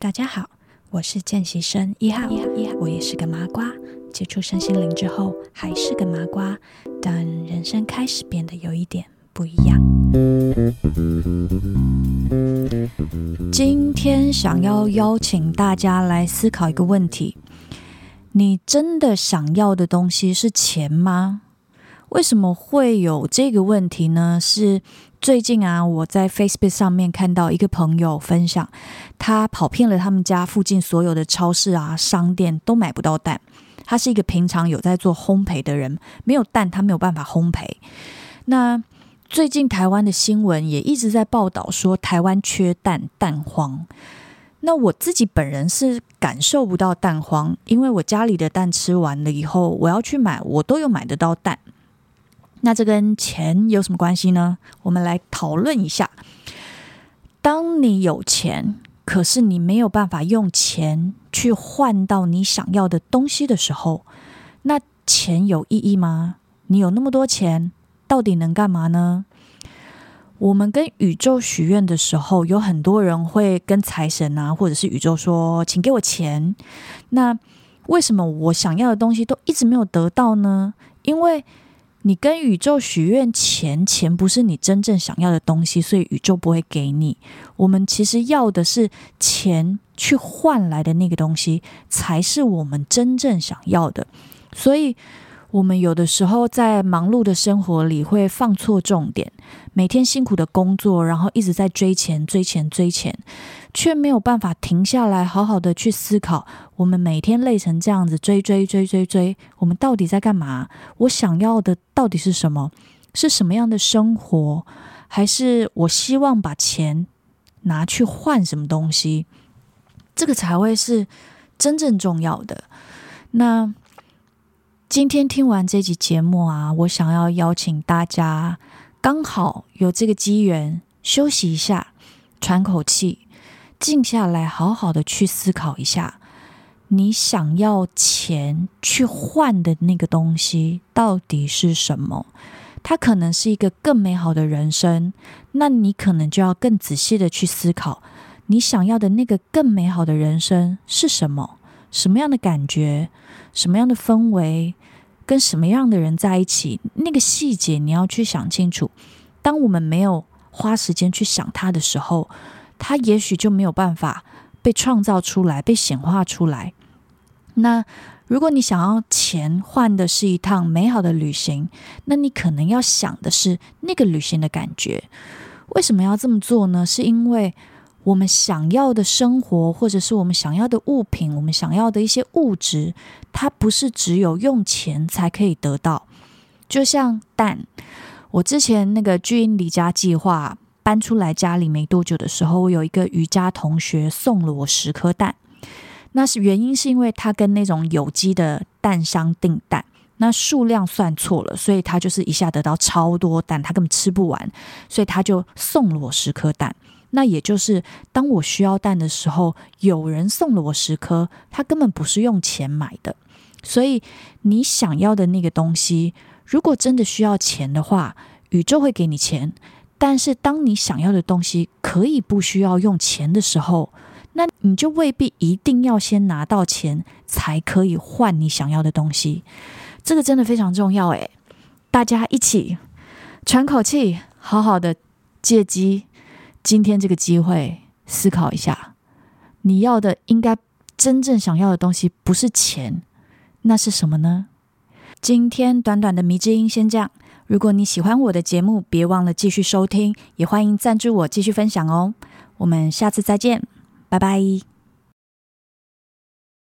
大家好，我是見習生一號一號，一號，我也是個麻瓜。接觸身心靈之後，還是個麻瓜，但人生開始變得有一點不一樣。今天想要邀請大家來思考一個問題：你真的想要的東西是錢嗎？為什麼會有這個問題呢？是最近啊，我在 Facebook 上面看到一個朋友分享，他跑遍了他們家附近所有的超市啊、商店，都買不到蛋。他是一個平常有在做烘焙的人，沒有蛋他沒有辦法烘焙。那最近台灣的新聞也一直在報道說台灣缺蛋，蛋荒，那我自己本人是感受不到蛋荒，因為我家裡的蛋吃完了以後，我要去買，我都有買得到蛋。那這跟錢有什麼關係呢？我們來討論一下。當你有錢，可是你沒有辦法用錢去換到你想要的東西的時候，那錢有意義嗎？你有那麼多錢，到底能幹嘛呢？我們跟宇宙許願的時候，有很多人會跟財神啊，或者是宇宙說：“請給我錢。”那為什麼我想要的東西都一直沒有得到呢？因為你跟宇宙許願錢，錢不是你真正想要的東西，所以宇宙不會給你。我們其實要的是錢去換來的那個東西，才是我們真正想要的。所以。我們有的時候在忙碌的生活裡會放錯重點，每天辛苦的工作，然後一直在追錢、追錢、追錢，卻沒有辦法停下來，好好的去思考。我們每天累成這樣子，追追追追追，我們到底在幹嘛？我想要的到底是什麼？是什麼樣的生活？還是我希望把錢拿去換什麼東西？這個才會是真正重要的。那，今天聽完這集節目啊，我想要邀請大家，剛好有這個機緣休息一下，喘口氣，靜下來，好好的去思考一下，你想要錢去換的那個東西到底是什麼？它可能是一個更美好的人生，那你可能就要更仔細的去思考，你想要的那個更美好的人生是什麼？什麼樣的感覺，什麼樣的氛圍，跟什麼樣的人在一起，那個細節你要去想清楚。當我們沒有花時間去想它的時候，它也許就沒有辦法被創造出來、被顯化出來。那如果你想要錢換的是一趟美好的旅行，那你可能要想的是那個旅行的感覺。為什麼要這麼做呢？是因為我們想要的生活，或者是我們想要的物品，我們想要的一些物質，它不是只有用錢才可以得到。就像蛋，我之前那個巨嬰離家計劃搬出來家裡沒多久的時候，我有一個瑜伽同學送了我十顆蛋。那是原因是因為他跟那種有機的蛋商訂蛋，那數量算錯了，所以他就是一下得到超多蛋，他根本吃不完，所以他就送了我十顆蛋。那也就是，當我需要蛋的時候，有人送了我十顆，他根本不是用錢買的。所以，你想要的那個東西，如果真的需要錢的話，宇宙會給你錢。但是，當你想要的東西可以不需要用錢的時候，那你就未必一定要先拿到錢才可以換你想要的東西。這個真的非常重要誒、欸，大家一起喘口氣，好好的借機，今天這個機會，思考一下，你要的應該真正想要的東西不是錢，那是什麼呢？今天短短的謎之音先這樣。如果你喜歡我的節目，別忘了繼續收聽，也歡迎贊助我繼續分享哦。我們下次再見，拜拜。